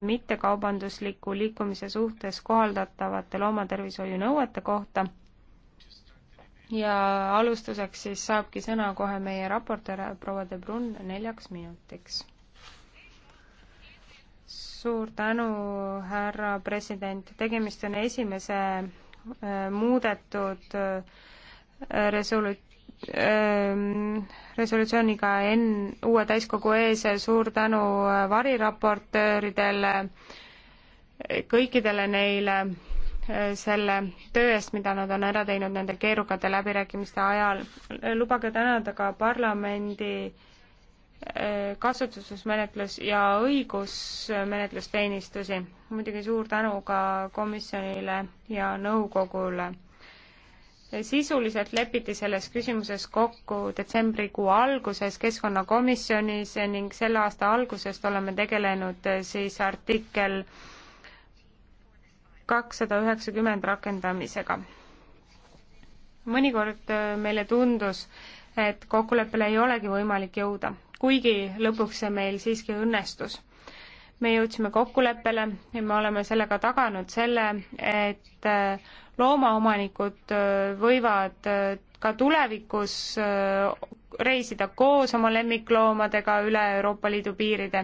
mittekaubandusliku liikumise suhtes kohaldatavate loomatervishoiu nõuete kohta. ja alustuseks siis saabki sõna kohe meie raportöör proua De Brun neljaks minutiks. suur tänu, härra president, tegemist on esimese äh, muudetud äh, resolut-, Ehm, resolutsiooniga enn-, uue täiskogu ees, suur tänu variraportööridele, kõikidele neile eh, selle töö eest, mida nad on ära teinud nende keerukate läbirääkimiste ajal. lubage tänada ka parlamendi eh, kasutusmenetlus- ja õigusmenetlusteenistusi. muidugi suur tänu ka komisjonile ja nõukogule sisuliselt lepiti selles küsimuses kokku detsembrikuu alguses keskkonnakomisjonis ning selle aasta algusest oleme tegelenud eh, siis artikkel kakssada üheksakümmend rakendamisega. mõnikord eh, meile tundus, et kokkuleppele ei olegi võimalik jõuda, kuigi lõpuks see meil siiski õnnestus me jõudsime kokkuleppele ja me oleme sellega taganud selle, et äh, loomaomanikud äh, võivad äh, ka tulevikus reisida koos oma lemmikloomadega üle Euroopa Liidu piiride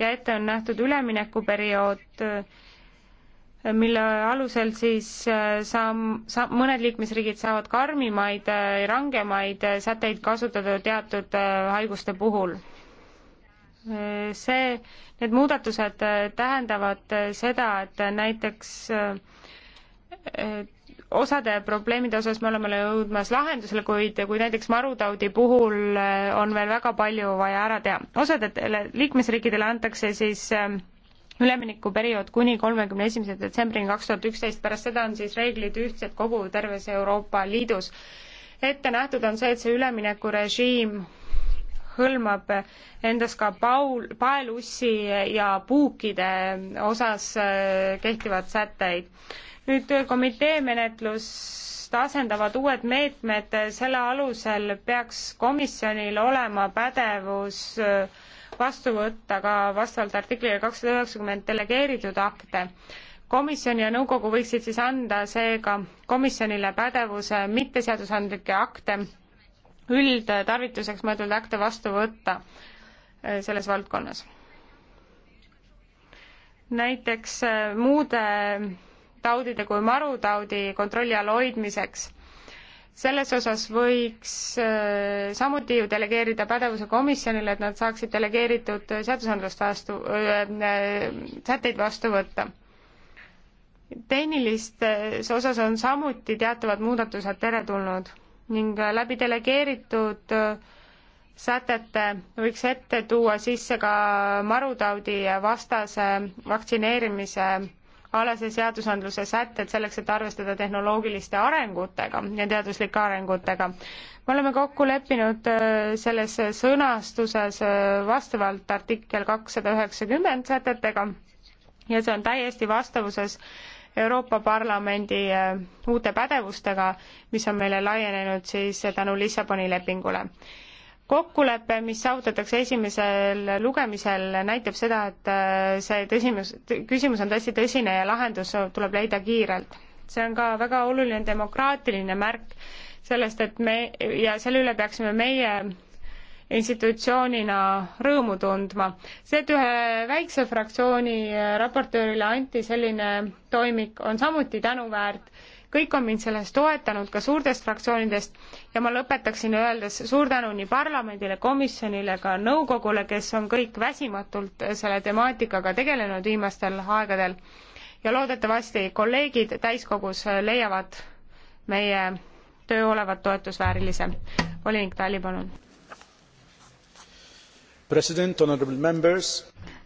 ja ette on nähtud üleminekuperiood, mille alusel siis saam-, sa-, mõned liikmesriigid saavad karmimaid, rangemaid sätteid kasutada teatud haiguste puhul see, need muudatused tähendavad seda, et näiteks osade probleemide osas me oleme jõudmas lahendusele, kuid kui näiteks marutaudi puhul on veel väga palju vaja ära teha. osadele liikmesriikidele antakse siis äh, üleminekuperiood kuni kolmekümne esimese detsembrini kaks tuhat üksteist, pärast seda on siis reeglid ühtsed kogu terves Euroopa Liidus. ette nähtud on see, et see üleminekurežiim hõlmab endas ka paul, paelussi ja puukide osas äh, kehtivad sätteid. nüüd komitee menetlust asendavad uued meetmed, selle alusel peaks komisjonil olema pädevus äh, vastu võtta ka vastavalt artiklile kakssada üheksakümmend delegeeritud akte komisjon ja nõukogu võiksid siis anda seega komisjonile pädevuse mitteseadusandlikke akte üldtarvituseks mõeldud akte vastu võtta äh, selles valdkonnas. näiteks äh, muude taudide kui marutaudi kontrolli all hoidmiseks. selles osas võiks äh, samuti ju delegeerida pädevuse komisjonile, et nad saaksid delegeeritud seadusandlust vastu äh,, sätteid vastu võtta. tehnilistes osas on samuti teatavad muudatused teretulnud ning läbi delegeeritud äh, sätete võiks ette tuua sisse ka marutaudi vastase vaktsineerimise alase seadusandluse sätted selleks, et arvestada tehnoloogiliste arengutega ja teaduslike arengutega. me oleme kokku leppinud äh, selles sõnastuses äh, vastavalt artikkel kakssada üheksakümmend sätetega ja see on täiesti vastavuses Euroopa Parlamendi eh, uute pädevustega, mis on meile laienenud siis tänu Lissaboni lepingule. kokkulepe, mis saavutatakse esimesel lugemisel, näitab seda, et eh, see tõsimus, küsimus on tõesti tõsine ja lahendus tuleb leida kiirelt. see on ka väga oluline demokraatiline märk sellest, et me ja selle üle peaksime meie institutsioonina rõõmu tundma. see, et ühe väikse fraktsiooni raportöörile anti selline toimik, on samuti tänuväärt. kõik on mind selles toetanud, ka suurtest fraktsioonidest, ja ma lõpetaksin öeldes suur tänu nii parlamendile, komisjonile, ka nõukogule, kes on kõik väsimatult selle temaatikaga tegelenud viimastel aegadel ja loodetavasti kolleegid täiskogus leiavad meie töö olevat toetusväärilise. volinik Tali, palun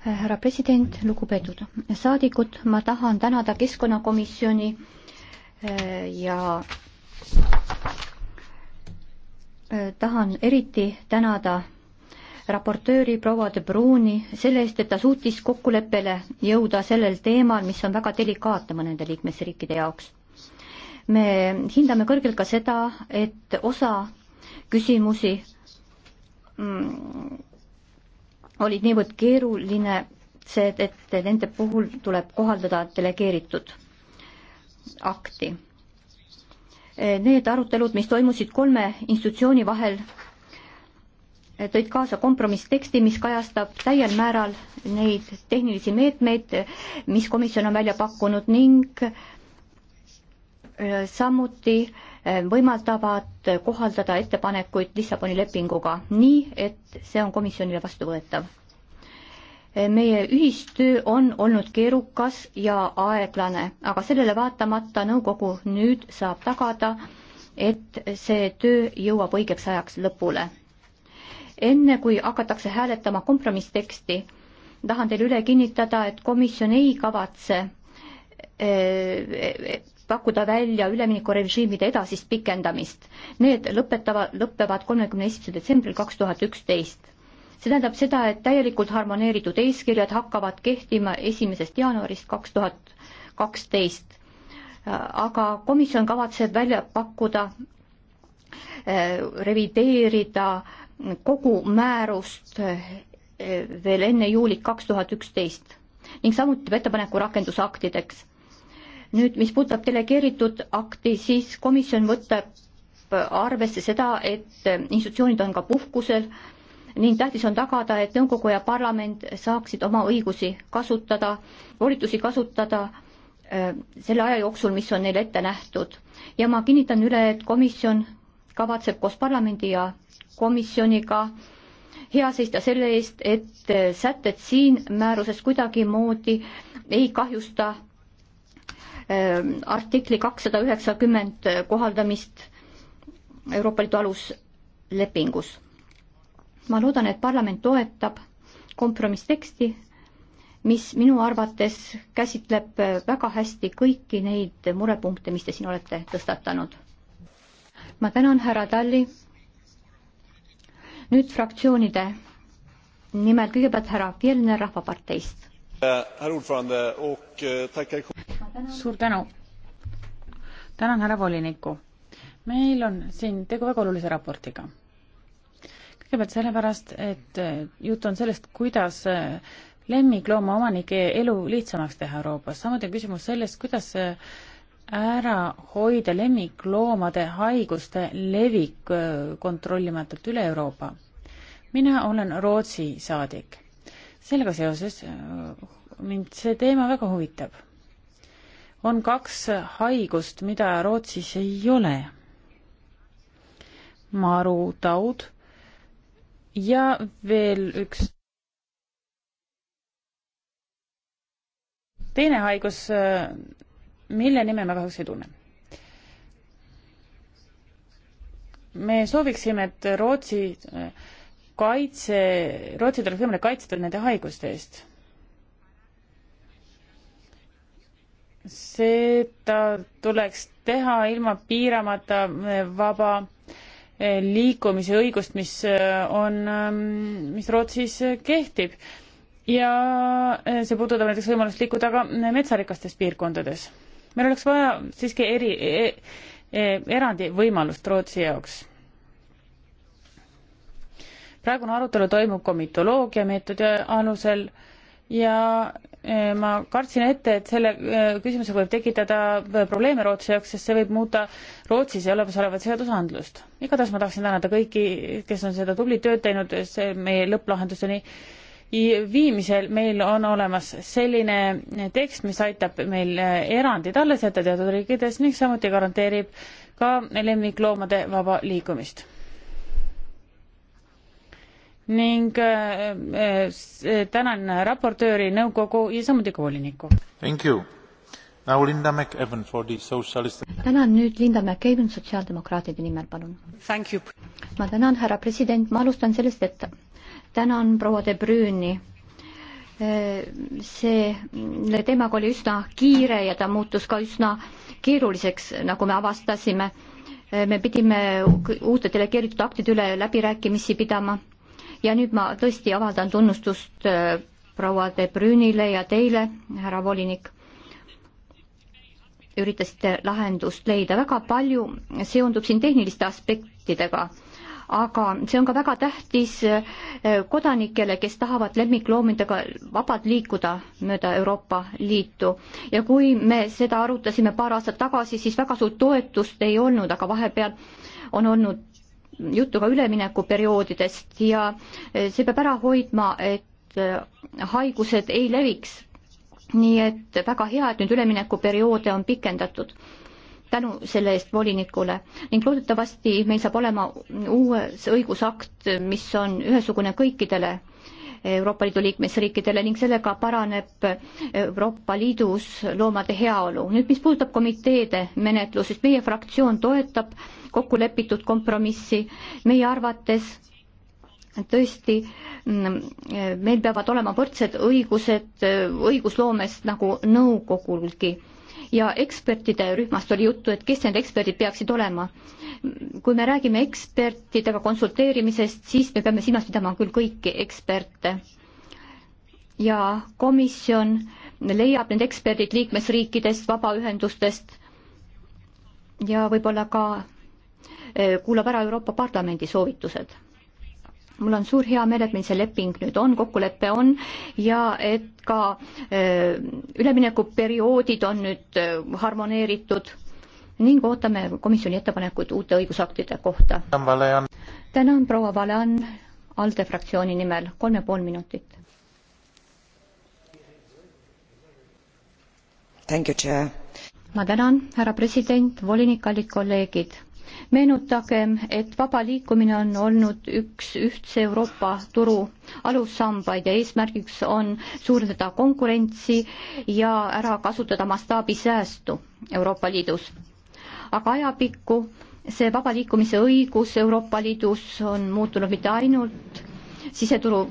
härra president, lugupeetud saadikud, ma tahan tänada keskkonnakomisjoni eh, ja eh, tahan eriti tänada raportööri proua De Bruni selle eest, et ta suutis kokkuleppele jõuda sellel teemal, mis on väga delikaatne mõnede liikmesriikide jaoks. me hindame kõrgelt ka seda, et osa küsimusi mm, olid niivõrd keeruline see, et nende puhul tuleb kohaldada delegeeritud akti. Need arutelud, mis toimusid kolme institutsiooni vahel, tõid kaasa kompromissteksti, mis kajastab täiel määral neid tehnilisi meetmeid, mis komisjon on välja pakkunud ning äh, samuti äh, Eh, võimaldavad kohaldada ettepanekuid Lissaboni lepinguga nii, et see on komisjonile vastuvõetav. Eh, meie ühistöö on olnud keerukas ja aeglane, aga sellele vaatamata nõukogu nüüd saab tagada, et see töö jõuab õigeks ajaks lõpule. enne kui hakatakse hääletama kompromissteksti, tahan teile üle kinnitada, et komisjon ei kavatse eh, pakkuda välja üleminekurežiimide edasist pikendamist. Need lõpetava, lõppevad kolmekümne esimesel detsembril kaks tuhat üksteist. see tähendab seda, et täielikult harmoneeritud eeskirjad hakkavad kehtima esimesest jaanuarist kaks tuhat kaksteist. aga komisjon kavatseb välja pakkuda eh, revideerida kogu määrust eh, veel enne juulit kaks tuhat üksteist ning samuti ettepaneku rakendusaktideks nüüd, mis puudutab delegeeritud akti, siis komisjon võtab arvesse seda, et institutsioonid on ka puhkusel ning tähtis on tagada, et nõukogu ja parlament saaksid oma õigusi kasutada, volitusi kasutada äh, selle aja jooksul, mis on neile ette nähtud. ja ma kinnitan üle, et komisjon kavatseb koos parlamendi ja komisjoniga hea seista selle eest, et sätted siin määruses kuidagimoodi ei kahjusta Äh, artikli kakssada üheksakümmend kohaldamist Euroopa Liidu aluslepingus. ma loodan, et parlament toetab kompromissteksti, mis minu arvates käsitleb väga hästi kõiki neid murepunkte, mis te siin olete tõstatanud. ma tänan, härra Talli. nüüd fraktsioonide nimel kõigepealt härra Fjellner Rahvaparteist. Äh, äh, suur tänu. tänan härra volinikku. meil on siin tegu väga olulise raportiga. kõigepealt sellepärast, et jutt on sellest, kuidas lemmikloomaomanike elu lihtsamaks teha Euroopas, samuti on küsimus sellest, kuidas ära hoida lemmikloomade haiguste levik kontrollimatult üle Euroopa. mina olen Rootsi saadik. sellega seoses mind see teema väga huvitab on kaks haigust, mida Rootsis ei ole. marutaud ja veel üks teine haigus, mille nime ma kahjuks ei tunne. me sooviksime, et Rootsi kaitse, Rootsit oleks võimalik kaitsta nende haiguste eest seda tuleks teha ilma piiramata eh, vaba eh, liikumise õigust, mis eh, on, ehm, mis Rootsis kehtib. ja see puudutab näiteks võimalust liikuda ka metsarikastes piirkondades. meil oleks vaja siiski eri e, e, erandi võimalust Rootsi jaoks. praegune arutelu toimub komitoloogia meetodi alusel ja eh, ma kartsin ette, et selle eh, küsimusega võib tekitada eh, probleeme Rootsi jaoks, sest see võib muuta Rootsis olemasolevat seadusandlust. igatahes ma tahaksin tänada kõiki, kes on seda tublit tööd teinud, see meie lõpplahenduseni viimisel meil on olemas selline tekst, mis aitab meil erandid alles jätta teatud riikides ning samuti garanteerib ka lemmikloomade vaba liikumist ning äh, äh, tänan raportööri, nõukogu ja samuti ka volinikku. tänan nüüd Linda McEwen sotsiaaldemokraatide nimel, palun. ma tänan, härra president, ma alustan sellest, et tänan proua De Brüni see teemaga oli üsna kiire ja ta muutus ka üsna keeruliseks, nagu me avastasime. me pidime uute delegeeritud aktide üle läbirääkimisi pidama ja nüüd ma tõesti avaldan tunnustust äh, proua De Brünile ja teile, härra volinik. üritasite lahendust leida, väga palju seondub siin tehniliste aspektidega, aga see on ka väga tähtis äh, kodanikele, kes tahavad lemmikloomadega vabalt liikuda mööda Euroopa Liitu. ja kui me seda arutasime paar aastat tagasi, siis väga suurt toetust ei olnud, aga vahepeal on olnud juttu ka üleminekuperioodidest ja eh, see peab ära hoidma, et eh, haigused ei leviks. nii et väga hea, et nüüd üleminekuperioode on pikendatud tänu selle eest volinikule ning loodetavasti meil saab olema uues õigusakt, mis on ühesugune kõikidele Euroopa Liidu liikmesriikidele ning sellega paraneb Euroopa Liidus loomade heaolu. nüüd, mis puudutab komiteede menetlust, siis meie fraktsioon toetab kokkulepitud kompromissi. meie arvates tõesti, mm, meil peavad olema võrdsed õigused õigusloomest nagu nõukogulgi ja ekspertide rühmast oli juttu, et kes need eksperdid peaksid olema. kui me räägime ekspertidega konsulteerimisest, siis me peame silmas pidama küll kõiki eksperte. ja komisjon leiab need eksperdid liikmesriikidest, vabaühendustest ja võib-olla ka eh, kuulab ära Euroopa Parlamendi soovitused mul on suur heameel, et meil see leping nüüd on, kokkulepe on ja et ka äh, üleminekuperioodid on nüüd äh, harmoneeritud ning ootame komisjoni ettepanekuid uute õigusaktide kohta. tänan, proua Valean, ALDE fraktsiooni nimel, kolm ja pool minutit. ma tänan, härra president, volinik, kallid kolleegid meenutagem, et vaba liikumine on olnud üks ühtse Euroopa turu alussambaid ja eesmärgiks on suurendada konkurentsi ja ära kasutada mastaabisäästu Euroopa Liidus. aga ajapikku see vaba liikumise õigus Euroopa Liidus on muutunud mitte ainult siseturu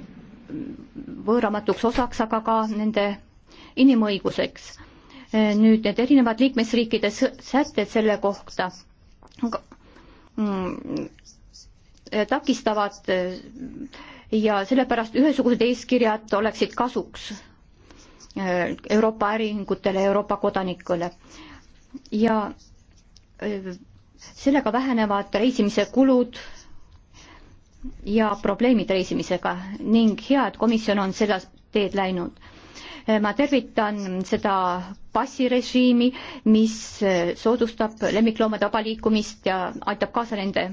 võõramatuks osaks, aga ka nende inimõiguseks. nüüd need erinevad liikmesriikide sätted selle kohta Mm, takistavad eh, ja sellepärast ühesugused eeskirjad oleksid kasuks eh, Euroopa äriühingutele, Euroopa kodanikele. ja eh, sellega vähenevad reisimise kulud ja probleemid reisimisega ning hea, et komisjon on seda teed läinud ma tervitan seda passirežiimi, mis soodustab lemmikloomade vaba liikumist ja aitab kaasa nende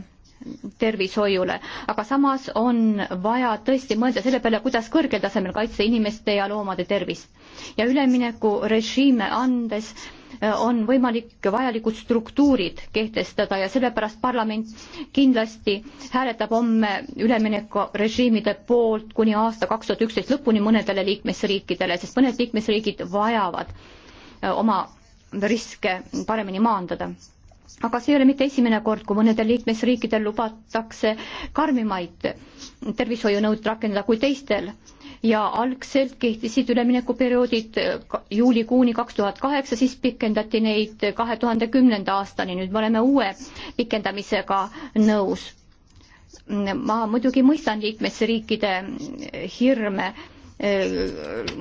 tervishoiule, aga samas on vaja tõesti mõelda selle peale, kuidas kõrgel tasemel kaitsta inimeste ja loomade tervist. ja üleminekurežiime andes äh, on võimalik vajalikud struktuurid kehtestada ja sellepärast parlament kindlasti hääletab homme üleminekurežiimide poolt kuni aasta kaks tuhat üksteist lõpuni mõnedele liikmesriikidele, sest mõned liikmesriigid vajavad äh, oma riske paremini maandada aga see ei ole mitte esimene kord, kui mõnedel liikmesriikidel lubatakse karmimaid tervishoiunõud rakendada kui teistel ja algselt kehtisid üleminekuperioodid juulikuuni kaks tuhat kaheksa, siis pikendati neid kahe tuhande kümnenda aastani, nüüd me oleme uue pikendamisega nõus. ma muidugi mõistan liikmesriikide hirme,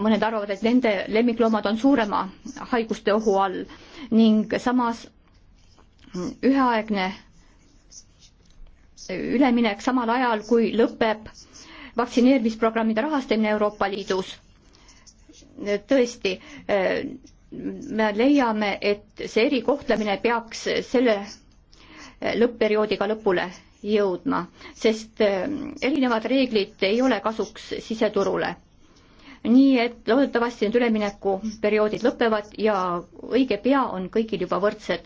mõned arvavad, et nende lemmikloomad on suurema haiguste ohu all ning samas üheaegne üleminek samal ajal, kui lõpeb vaktsineerimisprogrammide rahastamine Euroopa Liidus. tõesti, me leiame, et see erikohtlemine peaks selle lõppperioodiga lõpule jõudma, sest eh, erinevad reeglid ei ole kasuks siseturule. nii et loodetavasti need üleminekuperioodid lõpevad ja õige pea on kõigil juba võrdsed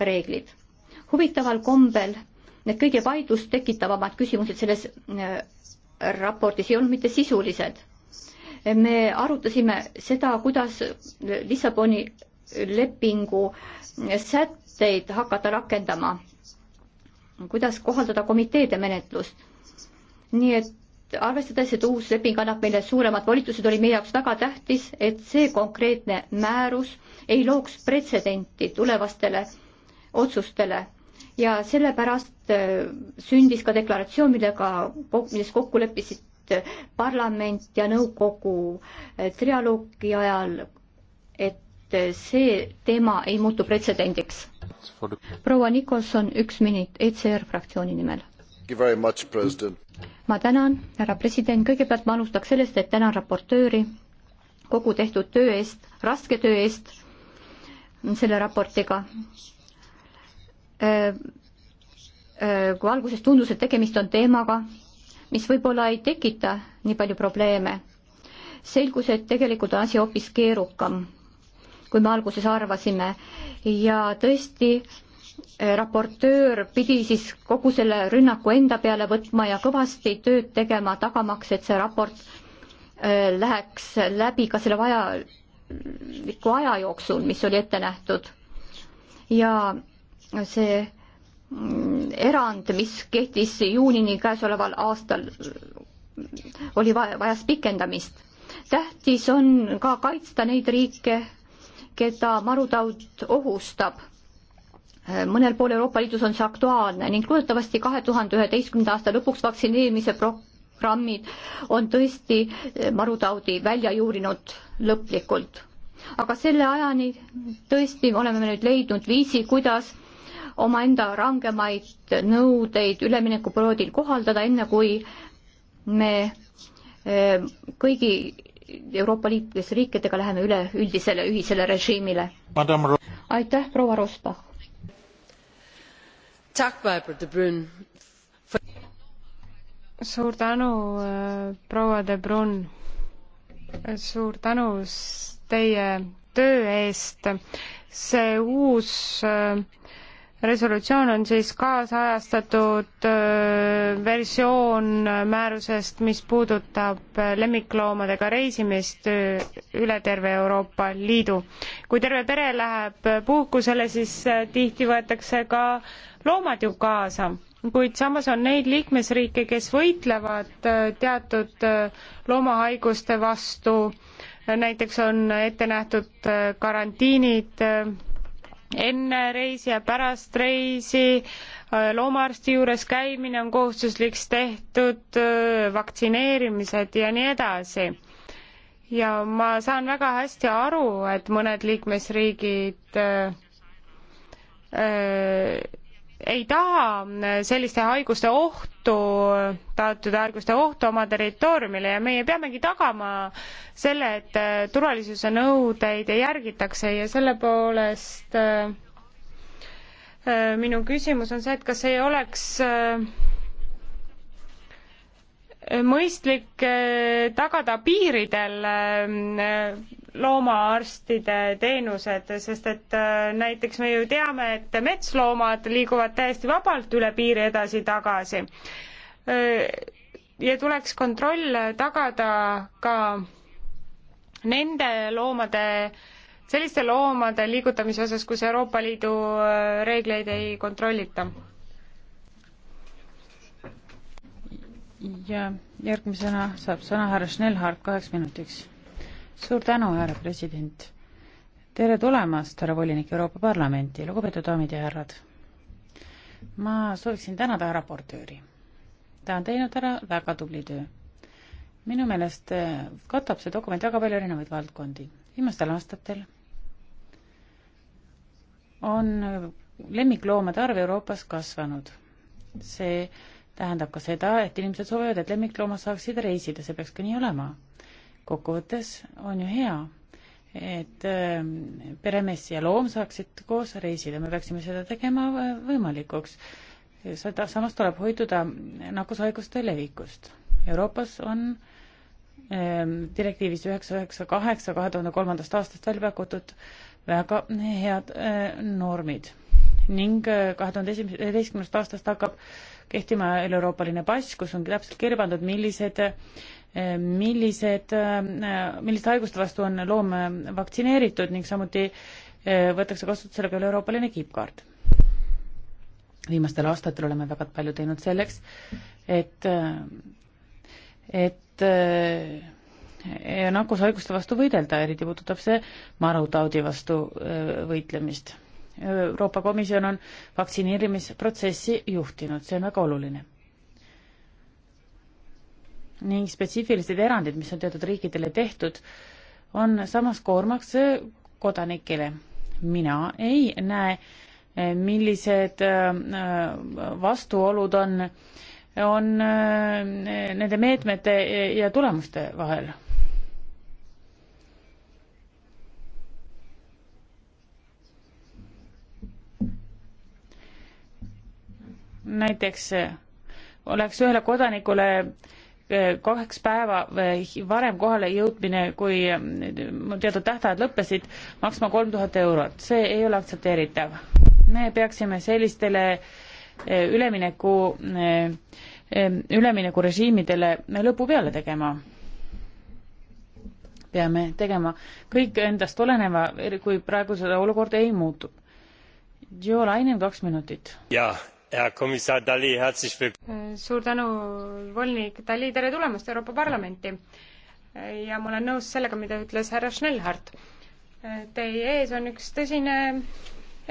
reeglid. huvitaval kombel need kõige vaidlust tekitavamad küsimused selles eh, raportis ei olnud mitte sisulised. me arutasime seda, kuidas Lissaboni lepingu sätteid hakata rakendama, kuidas kohaldada komiteede menetlust. nii et arvestades, et uus leping annab meile suuremad volitused, oli meie jaoks väga tähtis, et see konkreetne määrus ei looks pretsedenti tulevastele otsustele ja sellepärast äh, sündis ka deklaratsioon, millega, milles kokku leppisid äh, parlament ja nõukogu äh, trialoogi ajal, et see teema ei muutu pretsedendiks. proua Nikolson, üks minut ECR fraktsiooni nimel. ma tänan, härra president, kõigepealt ma alustaks sellest, et tänan raportööri kogu tehtud töö eest, raske töö eest selle raportiga Äh, äh, kui alguses tundus, et tegemist on teemaga, mis võib-olla ei tekita nii palju probleeme, selgus, et tegelikult on asi hoopis keerukam, kui me alguses arvasime ja tõesti, äh, raportöör pidi siis kogu selle rünnaku enda peale võtma ja kõvasti tööd tegema, tagamaks, et see raport läheks läbi ka selle vajaliku aja jooksul, mis oli ette nähtud. ja see mm, erand, mis kehtis juunini käesoleval aastal, oli vaja, vajas pikendamist. tähtis on ka kaitsta neid riike, keda marutaud ohustab. mõnel pool Euroopa Liidus on see aktuaalne ning loodetavasti kahe tuhande üheteistkümnenda aasta lõpuks vaktsineerimise programmid on tõesti eh, marutaudi välja juurinud lõplikult. aga selle ajani tõesti oleme me nüüd leidnud viisi, kuidas omaenda rangemaid nõudeid üleminekuperioodil kohaldada, enne kui me eh, kõigi Euroopa Liidu riikidega läheme üle üldisele ühisele režiimile. aitäh, proua Rosbach! suur tänu, eh, proua De Brun! suur tänu teie töö eest! see uus äh, resolutsioon on siis kaasajastatud versioon määrusest, mis puudutab lemmikloomadega reisimist üle terve Euroopa Liidu. kui terve pere läheb puhkusele, siis tihti võetakse ka loomad ju kaasa, kuid samas on neid liikmesriike, kes võitlevad teatud loomahaiguste vastu, näiteks on ette nähtud karantiinid enne reisi ja pärast reisi, äh, loomaarsti juures käimine on kohustuslikuks tehtud, äh, vaktsineerimised ja nii edasi. ja ma saan väga hästi aru, et mõned liikmesriigid öö, äh, ei taha selliste haiguste ohtu, taotud haiguste ohtu oma territooriumile ja meie peamegi tagama selle, et äh, turvalisuse nõudeid järgitakse ja selle poolest äh, äh, minu küsimus on see, et kas ei oleks mõistlik eh, tagada piiridel eh, loomaarstide teenused, sest et eh, näiteks me ju teame, et metsloomad liiguvad täiesti vabalt üle piiri edasi-tagasi. ja tuleks kontroll tagada ka nende loomade, selliste loomade liigutamise osas, kus Euroopa Liidu reegleid ei kontrollita ja järgmisena saab sõna härra Schnellhardt kaheks minutiks. suur tänu, härra president. tere tulemast, härra volinik Euroopa Parlamenti, lugupeetud daamid ja härrad. ma sooviksin tänada raportööri. ta on teinud ära väga tubli töö. minu meelest eh, katab see dokument väga palju erinevaid valdkondi. viimastel aastatel on lemmikloomade arv Euroopas kasvanud. see tähendab ka seda, et inimesed soovivad, et lemmikloomad saaksid reisida, see peaks ka nii olema. kokkuvõttes on ju hea, et ähm, peremees ja loom saaksid koos reisida, me peaksime seda tegema võimalikuks. seda, samas tuleb hoiduda nakkushaiguste levikust. Euroopas on ähm, direktiivis üheksa, üheksa, kaheksa kahe tuhande kolmandast aastast välja pakutud väga head äh, normid ning äh, kahe tuhande esimeseteistkümnest aastast hakkab kehtima üle-euroopaline pass, kus on täpselt kirja pandud, millised eh, millised, eh, milliste haiguste vastu on loom vaktsineeritud ning samuti eh, võetakse kasutusele ka üle-euroopaline kippkaart. viimastel aastatel oleme väga palju teinud selleks, et, et nakkushaiguste vastu võidelda, eriti puudutab see marutaudi vastu võitlemist Euroopa Komisjon on vaktsineerimisprotsessi juhtinud, see on väga oluline. ning spetsiifilised erandid, mis on teatud riikidele tehtud, on samas koormaks kodanikele. mina ei näe, millised äh, vastuolud on, on äh, nende meetmete ja tulemuste vahel näiteks eh, oleks ühele kodanikule eh, kaheks päeva varem kohale jõudmine, kui eh, teatud tähtajad lõppesid, maksma kolm tuhat eurot. see ei ole aktsepteeritav. me peaksime sellistele ülemineku, üleminekurežiimidele lõpu peale tegema. peame tegema kõik endast oleneva, kui praegu seda olukorda ei muutu. Jo Lainen, kaks minutit. jaa Äh, suur tänu, volinik Dali, tere tulemast Euroopa Parlamenti. Äh, ja ma olen nõus sellega, mida ütles härra Schnellhardt. Äh, teie ees on üks tõsine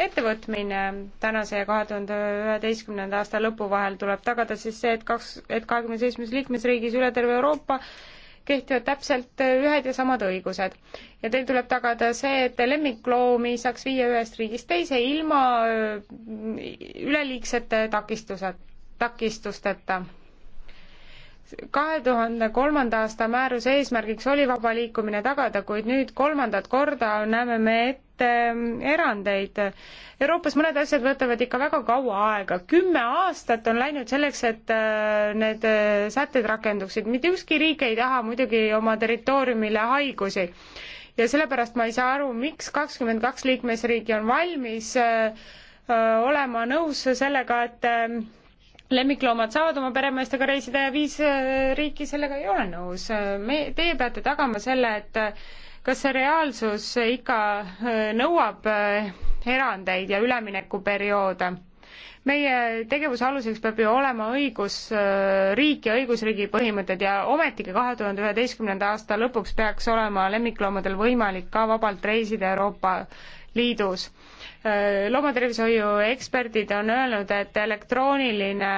ettevõtmine tänase ja kahe tuhande üheteistkümnenda aasta lõpu vahel tuleb tagada siis see, et kaks, et kahekümne seitsmes liikmesriigis üle terve Euroopa kehtivad täpselt äh, ühed ja samad õigused. ja teil tuleb tagada see, et lemmikloomi saaks viia ühest riigist teise ilma äh, üleliigsete takistused, takistusteta. kahe tuhande kolmanda aasta määruse eesmärgiks oli vaba liikumine tagada, kuid nüüd kolmandat korda näeme me ette mitte ähm, erandeid. Euroopas mõned asjad võtavad ikka väga kaua aega, kümme aastat on läinud selleks, et äh, need äh, sätted rakenduksid, mitte ükski riik ei taha muidugi oma territooriumile haigusi ja sellepärast ma ei saa aru, miks kakskümmend kaks liikmesriiki on valmis öö, äh, olema nõus sellega, et öö, lemmikloomad saavad oma peremeestega reisida ja viis riiki sellega ei ole nõus. me, teie peate tagama selle, et kas see reaalsus ikka äh, nõuab äh, erandeid ja üleminekuperioode? meie tegevuse aluseks peab ju olema õigusriik äh, ja õigusriigi põhimõtted ja ometigi kahe tuhande üheteistkümnenda aasta lõpuks peaks olema lemmikloomadel võimalik ka vabalt reisida Euroopa Liidus. loomatervishoiu eksperdid on öelnud, et elektrooniline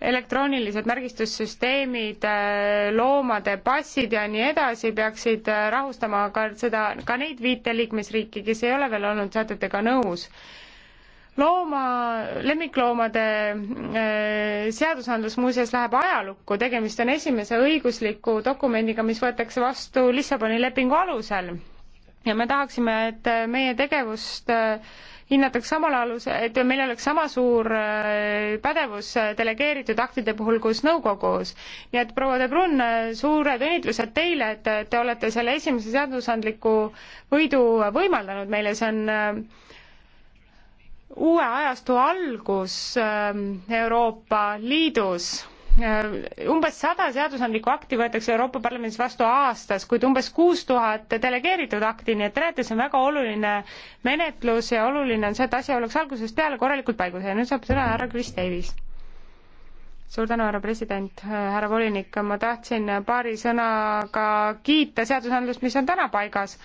elektroonilised märgistussüsteemid, äh, loomade passid ja nii edasi peaksid äh, rahustama ka seda, ka neid viite liikmesriiki, kes ei ole veel olnud sätetega nõus. looma, lemmikloomade äh, seadusandlus muuseas läheb ajalukku, tegemist on esimese õigusliku dokumendiga, mis võetakse vastu Lissaboni lepingu alusel. ja me tahaksime, et meie tegevust äh, hinnataks samal aluse, et meil oleks sama suur äh, pädevus äh, delegeeritud aktide puhul, kus nõukogus. nii et proua De Brun, äh, suured õnnitlused teile, et te olete selle esimese seadusandliku võidu võimaldanud meile, see on uue ajastu algus ähm, Euroopa Liidus Äh, umbes sada seadusandlikku akti võetakse Euroopa Parlamendis vastu aastas, kuid umbes kuus tuhat delegeeritud akti, nii et tegelikult see on väga oluline menetlus ja oluline on see, et asi oleks algusest peale korralikult paigus ja nüüd saab sõna härra Chris Davis. suur tänu, härra president, härra volinik, ma tahtsin paari sõnaga kiita seadusandlust, mis on täna paigas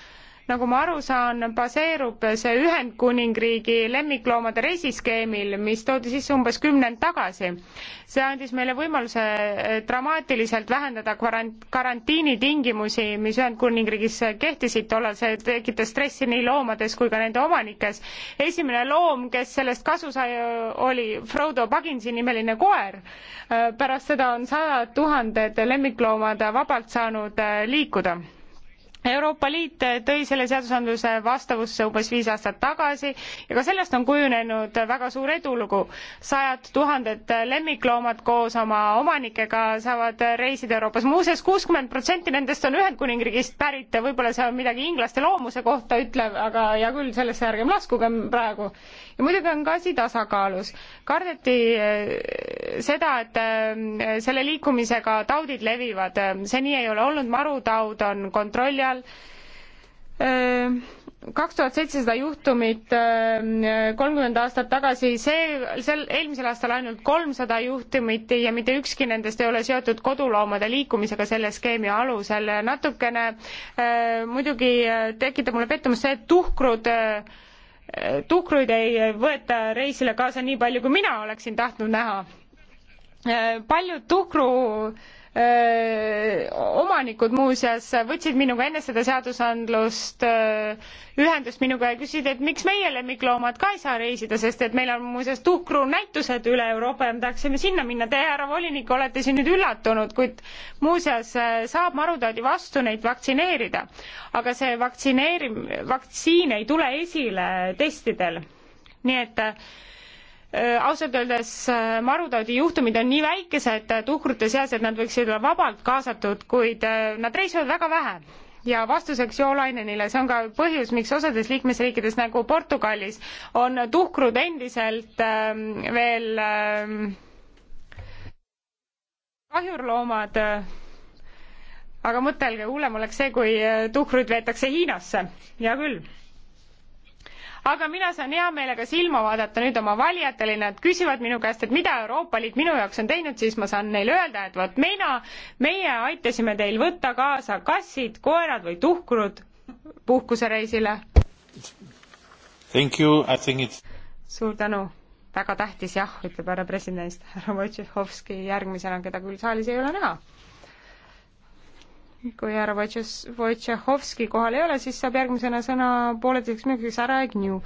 nagu ma aru saan, baseerub see Ühendkuningriigi lemmikloomade reisiskeemil, mis toodi sisse umbes kümnend tagasi. see andis meile võimaluse eh, dramaatiliselt vähendada kvarant-, karantiinitingimusi, mis Ühendkuningriigis kehtisid tollal, see tekitas stressi nii loomades kui ka nende omanikes. esimene loom, kes sellest kasu sai, oli Frodo Bagginsi nimeline koer. Eh, pärast seda on sajad tuhanded lemmikloomad vabalt saanud eh, liikuda Euroopa Liit tõi selle seadusandluse vastavusse umbes viis aastat tagasi ja ka sellest on kujunenud väga suur edulugu. sajad tuhanded lemmikloomad koos oma omanikega saavad reisida Euroopas, muuseas kuuskümmend protsenti nendest on Ühendkuningriigist pärit, võib-olla see on midagi inglaste loomuse kohta ütlev, aga hea küll, sellesse ärgem laskugem praegu. ja muidugi on ka asi tasakaalus. kardeti eh, seda, et eh, selle liikumisega taudid levivad, eh, see nii ei ole olnud, marutaud on kontrolli all, mujal äh, kaks tuhat seitsesada juhtumit äh, kolmkümmend aastat tagasi, see, sel, eelmisel aastal ainult kolmsada juhtumit ja mitte ükski nendest ei ole seotud koduloomade liikumisega selle skeemi alusel. natukene äh, muidugi tekitab mulle pettumust see, et tuhkrud tuhkruid ei võeta reisile kaasa nii palju, kui mina oleksin tahtnud näha. paljud tuhkru omanikud muuseas võtsid minuga enne seda seadusandlust öö, ühendust minuga ja küsisid, et miks meie lemmikloomad ka ei saa reisida, sest et meil on muuseas tuhkruunäitused üle Euroopa ja me tahaksime sinna minna. Teie, härra volinik, olete siin nüüd üllatunud, kuid muuseas saab marutaadi vastu neid vaktsineerida. aga see vaktsineeri-, vaktsiin ei tule esile testidel. nii et äh, Äh, ausalt öeldes äh, marutaudi juhtumid on nii väikesed äh, tuhkrute seas, et nad võiksid olla vabalt kaasatud, kuid nad reisivad väga vähe ja vastuseks Joolainenile, see on ka põhjus, miks osades liikmesriikides nagu Portugalis on tuhkrud endiselt ähm, veel ähm, kahjurloomad. aga mõtelge, hullem oleks see, kui tuhkrud veetakse Hiinasse, hea küll aga mina saan hea meelega silma vaadata nüüd oma valijatele, nad küsivad minu käest, et mida Euroopa Liit minu jaoks on teinud, siis ma saan neile öelda, et vot mina, meie aitasime teil võtta kaasa kassid, koerad või tuhkrud puhkusereisile. Thank you, I think it's suur tänu, väga tähtis jah, ütleb härra president, härra Wojciechowski järgmisena, keda küll saalis ei ole näha kui härra Wojtšehovski kohal ei ole, siis saab järgmisena sõna pooleteiseks minutiks härra Agnew.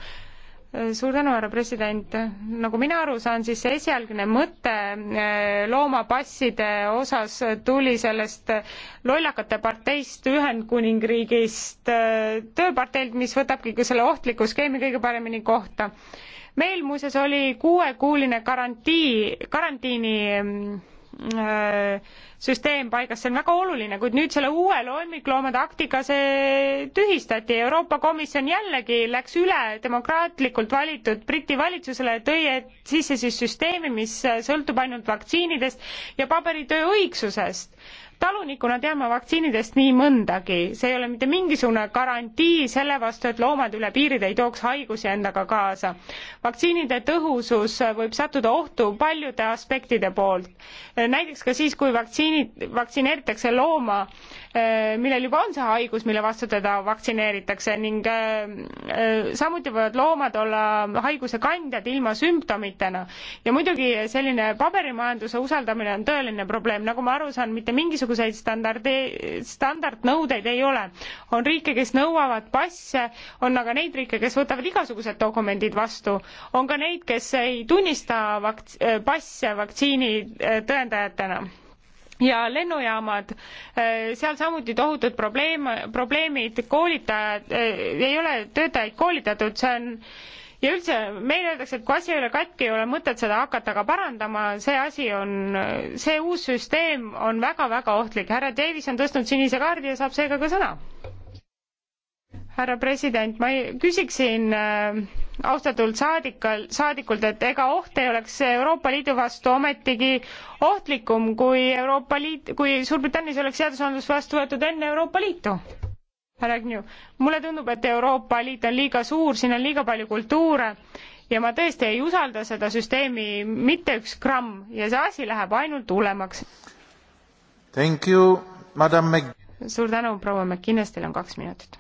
suur tänu, härra president. nagu mina aru saan, siis see esialgne mõte eh, loomapasside osas tuli sellest lollakate parteist Ühendkuningriigist eh, tööparteilt, mis võtabki ka selle ohtliku skeemi kõige paremini kohta. meil muuseas oli kuuekuuline garantii, karantiini mm, Äh, süsteem paigas, see on väga oluline, kuid nüüd selle uue lemmikloomade aktiga see tühistati. Euroopa Komisjon jällegi läks üle demokraatlikult valitud Briti valitsusele, tõi sisse siis süsteemi, mis sõltub ainult vaktsiinidest ja paberitöö õigsusest talunikuna tean ma vaktsiinidest nii mõndagi, see ei ole mitte mingisugune garantii selle vastu, et loomad üle piiride ei tooks haigusi endaga kaasa. vaktsiinide tõhusus võib sattuda ohtu paljude aspektide poolt. näiteks ka siis, kui vaktsiinid, vaktsineeritakse looma, millel juba on see haigus, mille vastu teda vaktsineeritakse ning samuti võivad loomad olla haiguse kandjad ilma sümptomitena. ja muidugi selline paberimajanduse usaldamine on tõeline probleem, nagu ma aru saan, mitte mingisugune mingisuguseid standardi, standardnõudeid ei ole. on riike, kes nõuavad passe, on aga neid riike, kes võtavad igasugused dokumendid vastu. on ka neid, kes ei tunnista vakt-, passe vaktsiinitõendajatena äh, ja lennujaamad, äh, seal samuti tohutud probleem, probleemid, koolitajad, äh, ei ole töötajaid koolitatud, see on ja üldse, meile öeldakse, et kui asi ei ole katki, ei ole mõtet seda hakata ka parandama, see asi on, see uus süsteem on väga-väga ohtlik. härra Davis on tõstnud sinise kaardi ja saab seega ka sõna. härra president, ma ei, küsiksin äh, austatult saadikal, saadikult, et ega oht ei oleks Euroopa Liidu vastu ometigi ohtlikum, kui Euroopa Liit, kui Suurbritannias oleks seadusandlus vastu võetud enne Euroopa Liitu? härra Agnew, mulle tundub, et Euroopa Liit on liiga suur, siin on liiga palju kultuure ja ma tõesti ei usalda seda süsteemi mitte üks gramm ja see asi läheb ainult hullemaks. Thank you, madam Mc-. suur tänu, proua McInnes, teil on kaks minutit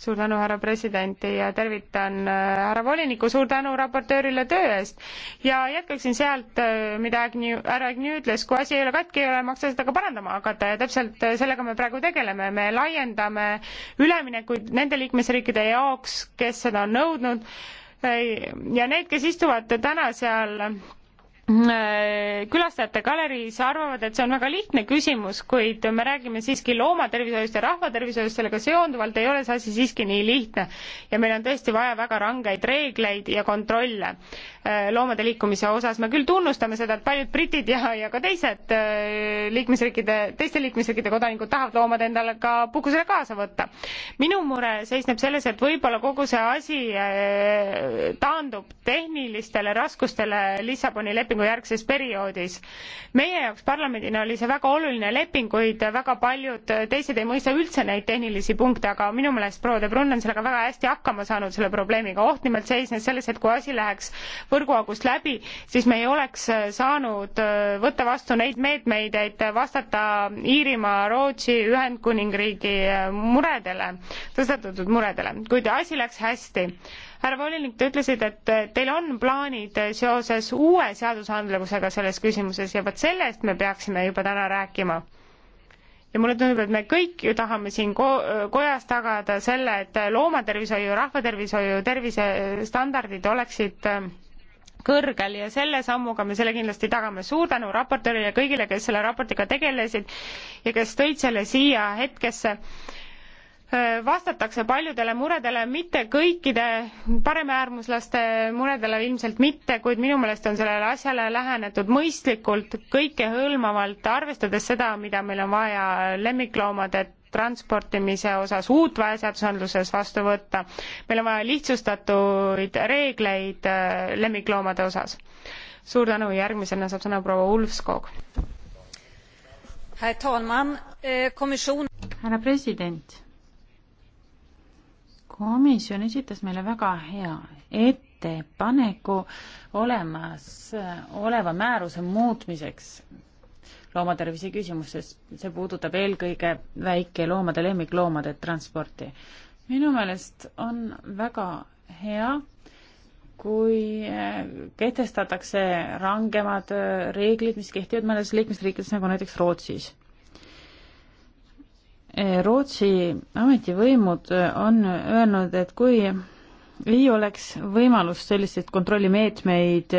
suur tänu, härra president ja tervitan äh, härra volinikku, suur tänu raportöörile töö eest. ja jätkaksin sealt, äh, mida Agnew, härra Agnew ütles, kui asi ei ole katki, ei ole maksa seda ka parandama hakata ja täpselt äh, sellega me praegu tegeleme, me laiendame üleminekuid nende liikmesriikide jaoks, kes seda on nõudnud ja need, kes istuvad täna seal külastajate galeriis arvavad, et see on väga lihtne küsimus, kuid me räägime siiski loomatervishoiust ja rahvatervishoiust, sellega seonduvalt ei ole see asi siiski nii lihtne. ja meil on tõesti vaja väga rangeid reegleid ja kontrolle. Äh, loomade liikumise osas, me küll tunnustame seda, et paljud britid ja, ja ka teised äh, liikmesriikide, teiste liikmesriikide kodanikud tahavad loomad endale ka puhkusele kaasa võtta. minu mure seisneb selles, et võib-olla kogu see asi äh, taandub tehnilistele raskustele Lissaboni lepingu järgses perioodis. meie jaoks parlamendina oli see väga oluline leping, kuid väga paljud teised ei mõista üldse neid tehnilisi punkte, aga minu meelest proua De Brun on sellega väga hästi hakkama saanud, selle probleemiga. oht nimelt seisnes selles, et kui asi läheks võrguaugust läbi, siis me ei oleks äh, saanud äh, võtta vastu neid meetmeid, et äh, vastata Iirimaa, Rootsi, Ühendkuningriigi muredele, tõstatatud muredele, kuid asi läks hästi härra volinik, te ütlesite, et teil on plaanid seoses uue seadusandlusega selles küsimuses ja vot sellest me peaksime juba täna rääkima. ja mulle tundub, et me kõik ju tahame siin ko-, kojas tagada selle, et loomatervishoiu, rahvatervishoiu, tervisestandardid oleksid äh, kõrgel ja selle sammuga me selle kindlasti tagame. suur tänu raportöörile ja kõigile, kes selle raportiga tegelesid ja kes tõid selle siia hetkesse vastatakse paljudele muredele, mitte kõikide paremäärmuslaste muredele ilmselt mitte, kuid minu meelest on sellele asjale lähenetud mõistlikult, kõikehõlmavalt, arvestades seda, mida meil on vaja lemmikloomade transportimise osas uut vaja seadusandluses vastu võtta. meil on vaja lihtsustatuid reegleid äh, lemmikloomade osas. suur tänu, järgmisena saab sõna proua Ulfskog. Äh, härra president, komisjon esitas meile väga hea ettepaneku olemas äh, oleva määruse muutmiseks loomatervise küsimustes. see puudutab eelkõige väikeloomade, lemmikloomade transporti. minu meelest on väga hea, kui eh, kehtestatakse rangemad eh, reeglid, mis kehtivad mõnes liikmesriikides, nagu näiteks Rootsis. Eh, Rootsi ametivõimud on öelnud, et kui ei oleks võimalust selliseid kontrollimeetmeid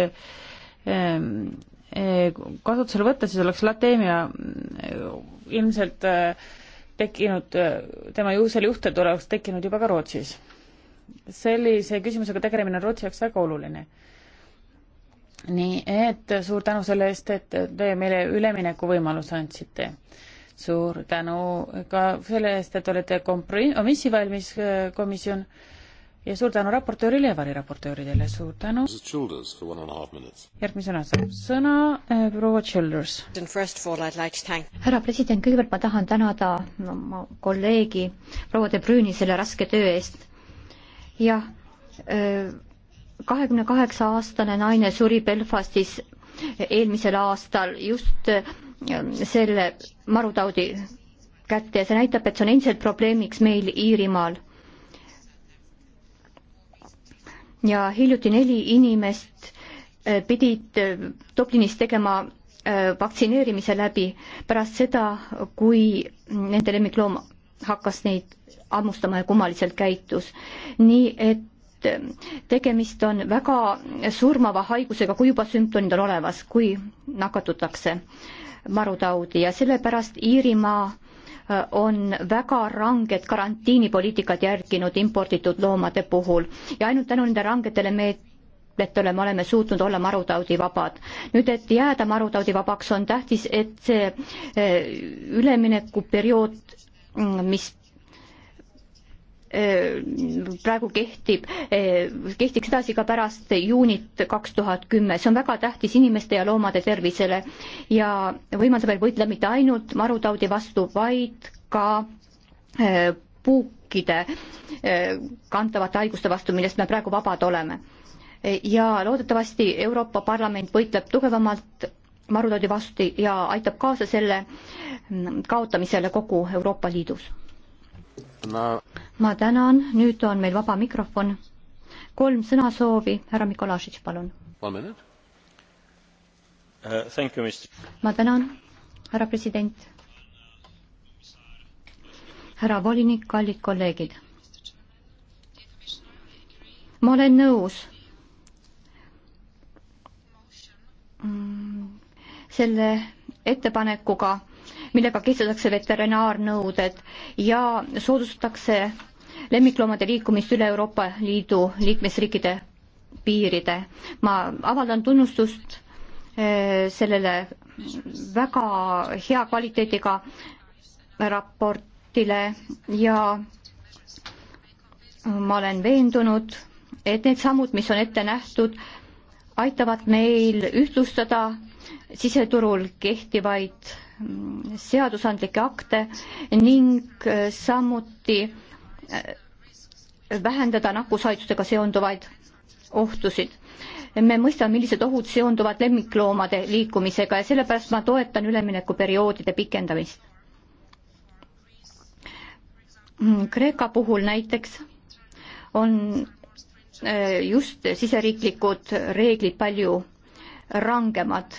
kasutusele võtta, siis oleks lateemia mm, ilmselt äh, tekkinud, äh, tema juhusel juhtudel oleks tekkinud juba ka Rootsis. sellise küsimusega tegelemine on Rootsi jaoks väga oluline. nii et suur tänu selle eest, et te meile üleminekuvõimaluse andsite. suur tänu ka selle eest, et olete kompromissi valmis, äh, komisjon ja suur tänu raportöörile ja variraportööridele, suur tänu. järgmisena saab sõna äh, proua Childers. härra president, kõigepealt ma tahan tänada oma kolleegi proua De Brüni selle raske töö eest. jah, äh, kahekümne kaheksa aastane naine suri Belfastis eelmisel aastal just äh, selle marutaudi kätte ja see näitab, et see on endiselt probleemiks meil Iirimaal ja hiljuti neli inimest äh, pidid äh, Dublinis tegema äh, vaktsineerimise läbi pärast seda, kui nende lemmikloom hakkas neid hammustama ja kummaliselt käitus. nii et tegemist on väga surmava haigusega, kui juba sümptomid on olemas, kui nakatutakse marutaudi ja sellepärast Iirimaa on väga ranged karantiinipoliitikat järginud imporditud loomade puhul ja ainult tänu nende rangetele meetmetele me oleme suutnud olla marutaudivabad. nüüd, et jääda marutaudivabaks, on tähtis, et see eh, üleminekuperiood, mm, mis Äh, praegu kehtib, äh, kehtiks edasi ka pärast juunit kaks tuhat kümme, see on väga tähtis inimeste ja loomade tervisele ja võimaldab veel võitleda mitte ainult marutaudi vastu, vaid ka äh, puukide kantavate haiguste vastu, millest me praegu vabad oleme. ja loodetavasti Euroopa Parlament võitleb tugevamalt marutaudi vastu ja aitab kaasa selle mm, kaotamisele kogu Euroopa Liidus no.. ma tänan, nüüd on meil vaba mikrofon. kolm sõnasoovi, härra Mikolašitš, palun. Uh, ma tänan, härra president. härra volinik, kallid kolleegid. ma olen nõus mm, selle ettepanekuga millega kehtestatakse veterinaarnõuded ja soodustatakse lemmikloomade liikumist üle Euroopa Liidu liikmesriikide piiride. ma avaldan tunnustust eh, sellele väga hea kvaliteediga raportile ja ma olen veendunud, et need sammud, mis on ette nähtud, aitavad meil ühtlustada siseturul kehtivaid seadusandlikke akte ning äh, samuti äh, vähendada nakkushaigustega seonduvaid ohtusid. me mõistame, millised ohud seonduvad lemmikloomade liikumisega ja sellepärast ma toetan üleminekuperioodide pikendamist. Kreeka puhul näiteks on äh, just siseriiklikud reeglid palju rangemad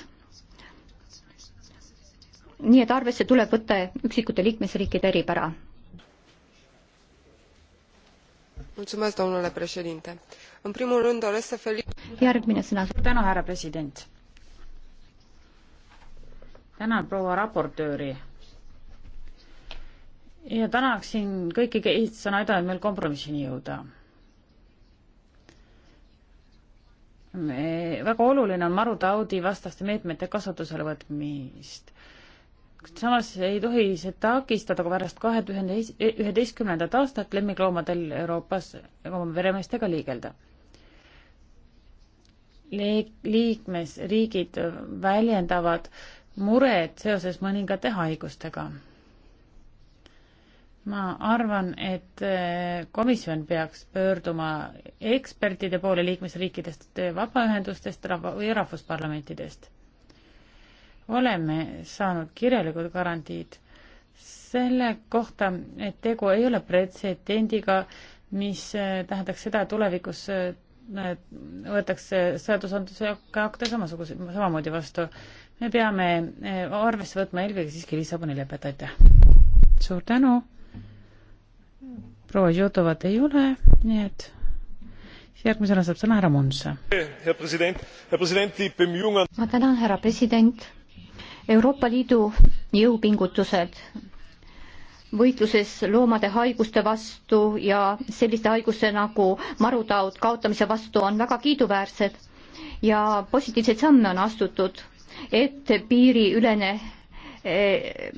nii et arvesse tuleb võtta üksikute liikmesriikide eripära. järgmine sõna. tänu, härra president. tänan proua raportööri. ja tänaksin kõiki, kes on aidanud meil kompromissini jõuda Me, väga oluline on marutaudi vastaste meetmete kasutusele võtmist samas ei tohi see takistada ka pärast kahe tuhande üheteistkümnendat aastat lemmikloomadel Euroopas oma veremeestega liigelda. liikmesriigid väljendavad mured seoses mõningate haigustega. ma arvan, et eh, komisjon peaks pöörduma ekspertide poole liikmesriikidest, vabaühendustest ja rahvusparlamentidest oleme saanud kirjalikud garantiid selle kohta, et tegu ei ole pretsedendiga, mis äh, tähendaks seda, et tulevikus äh, võetakse seadusandlusega akte samasuguse, samamoodi vastu. me peame äh, arvesse võtma eelkõige siiski Lissaboni lepet, aitäh. suur tänu. proua Jutovat ei ole, nii et järgmisena saab sõna härra Munse. ma tänan, härra president Euroopa Liidu jõupingutused võitluses loomade haiguste vastu ja selliste haiguste nagu marutaud kaotamise vastu on väga kiiduväärsed ja positiivseid samme on astutud, et piiriülene eh,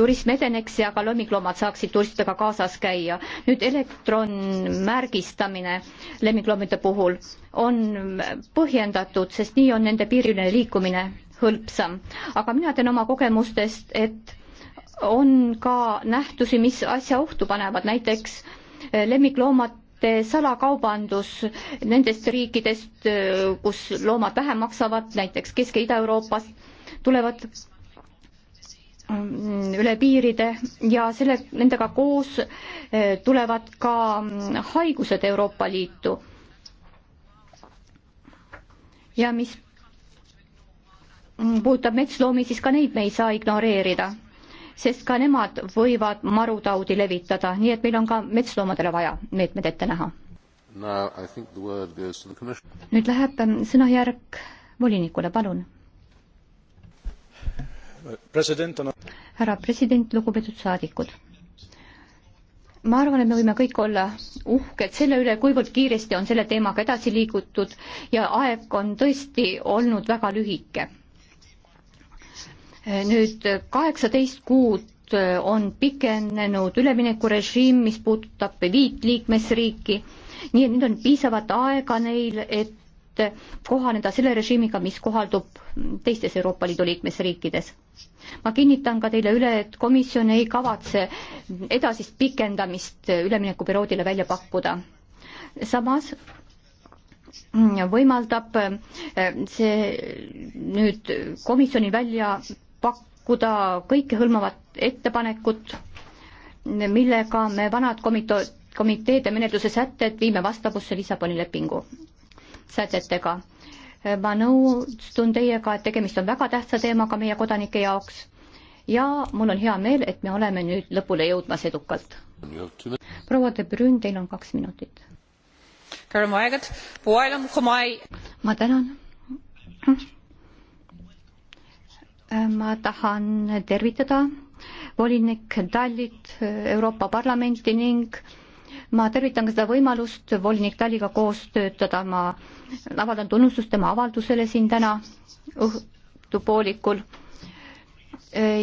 turism edeneks ja ka lemmikloomad saaksid turistidega kaasas käia. nüüd elektronmärgistamine lemmikloomade puhul on põhjendatud, sest nii on nende piiriline liikumine hõlpsam. aga mina tean oma kogemustest, et on ka nähtusi, mis asja ohtu panevad, näiteks eh, lemmikloomade salakaubandus nendest riikidest, eh, kus loomad vähe maksavad, näiteks Kesk- ja Ida-Euroopast, tulevad mm, üle piiride ja selle, nendega koos eh, tulevad ka mm, haigused Euroopa Liitu. ja mis puudutab metsloomi, siis ka neid me ei saa ignoreerida, sest ka nemad võivad marutaudi levitada, nii et meil on ka metsloomadele vaja meetmed ette näha. nüüd läheb ähm, sõnajärg volinikule, palun. härra president, lugupeetud saadikud ma arvan, et me võime kõik olla uhked selle üle, kuivõrd kiiresti on selle teemaga edasi liigutud ja aeg on tõesti olnud väga lühike nüüd kaheksateist kuud äh, on pikenenud üleminekurežiim, mis puudutab viit liikmesriiki, nii et nüüd on piisavalt aega neil, et äh, kohaneda selle režiimiga, mis kohaldub teistes Euroopa Liidu liikmesriikides. ma kinnitan ka teile üle, et komisjon ei kavatse edasist pikendamist äh, üleminekuperioodile välja pakkuda. samas mm, võimaldab see nüüd komisjoni välja pakkuda kõikehõlmavat ettepanekut, millega me vanad komito-, komiteede menetluse sätted viime vastavusse Lissaboni lepingu sätetega. ma nõustun teiega, et tegemist on väga tähtsa teemaga meie kodanike jaoks ja mul on hea meel, et me oleme nüüd lõpule jõudmas edukalt. proua De Brün, teil on kaks minutit. ma tänan ma tahan tervitada volinik Tallit Euroopa Parlamenti ning ma tervitan ka seda võimalust volinik Talliga koos töötada, ma avaldan tunnustust tema avaldusele siin täna õhtupoolikul.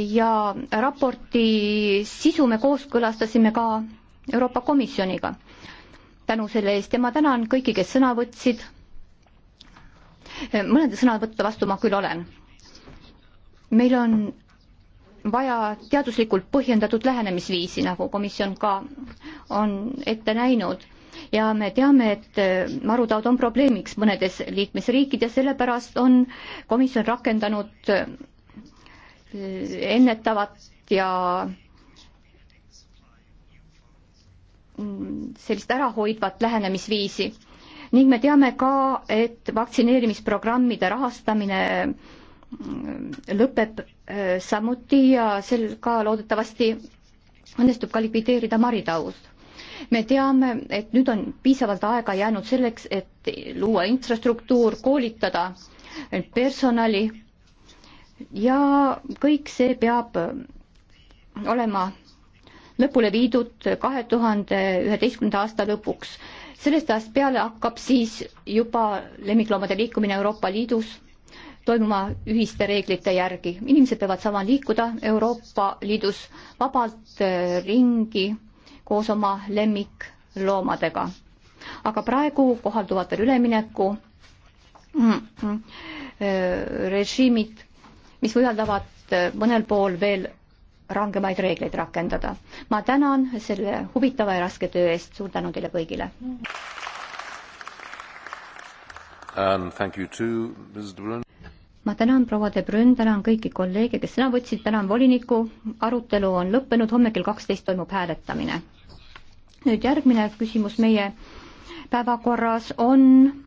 ja raporti sisu me kooskõlastasime ka Euroopa Komisjoniga. tänu selle eest ja ma tänan kõiki, kes sõna võtsid. mõnede sõnavõttude vastu ma küll olen meil on vaja teaduslikult põhjendatud lähenemisviisi, nagu komisjon ka on ette näinud ja me teame, et äh, marutaud on probleemiks mõnedes liikmesriikides, sellepärast on komisjon rakendanud äh, ennetavat ja mm, sellist ärahoidvat lähenemisviisi ning me teame ka, et vaktsineerimisprogrammide rahastamine lõpeb äh, samuti ja sel ka loodetavasti õnnestub ka likvideerida maritaud. me teame, et nüüd on piisavalt aega jäänud selleks, et luua infrastruktuur, koolitada personali ja kõik see peab olema lõpule viidud kahe tuhande üheteistkümnenda aasta lõpuks. sellest ajast peale hakkab siis juba lemmikloomade liikumine Euroopa Liidus toimuma ühiste reeglite järgi. inimesed peavad saama liikuda Euroopa Liidus vabalt äh, ringi koos oma lemmikloomadega. aga praegu kohalduvad veel ülemineku mm, mm, äh, režiimid, mis võimaldavad äh, mõnel pool veel rangemaid reegleid rakendada. ma tänan selle huvitava ja raske töö eest, suur tänu teile kõigile! ma tänan proua De Brünn, tänan kõiki kolleege, kes sõna võtsid, tänan voliniku, arutelu on lõppenud, homme kell kaksteist toimub hääletamine. nüüd järgmine küsimus meie päevakorras on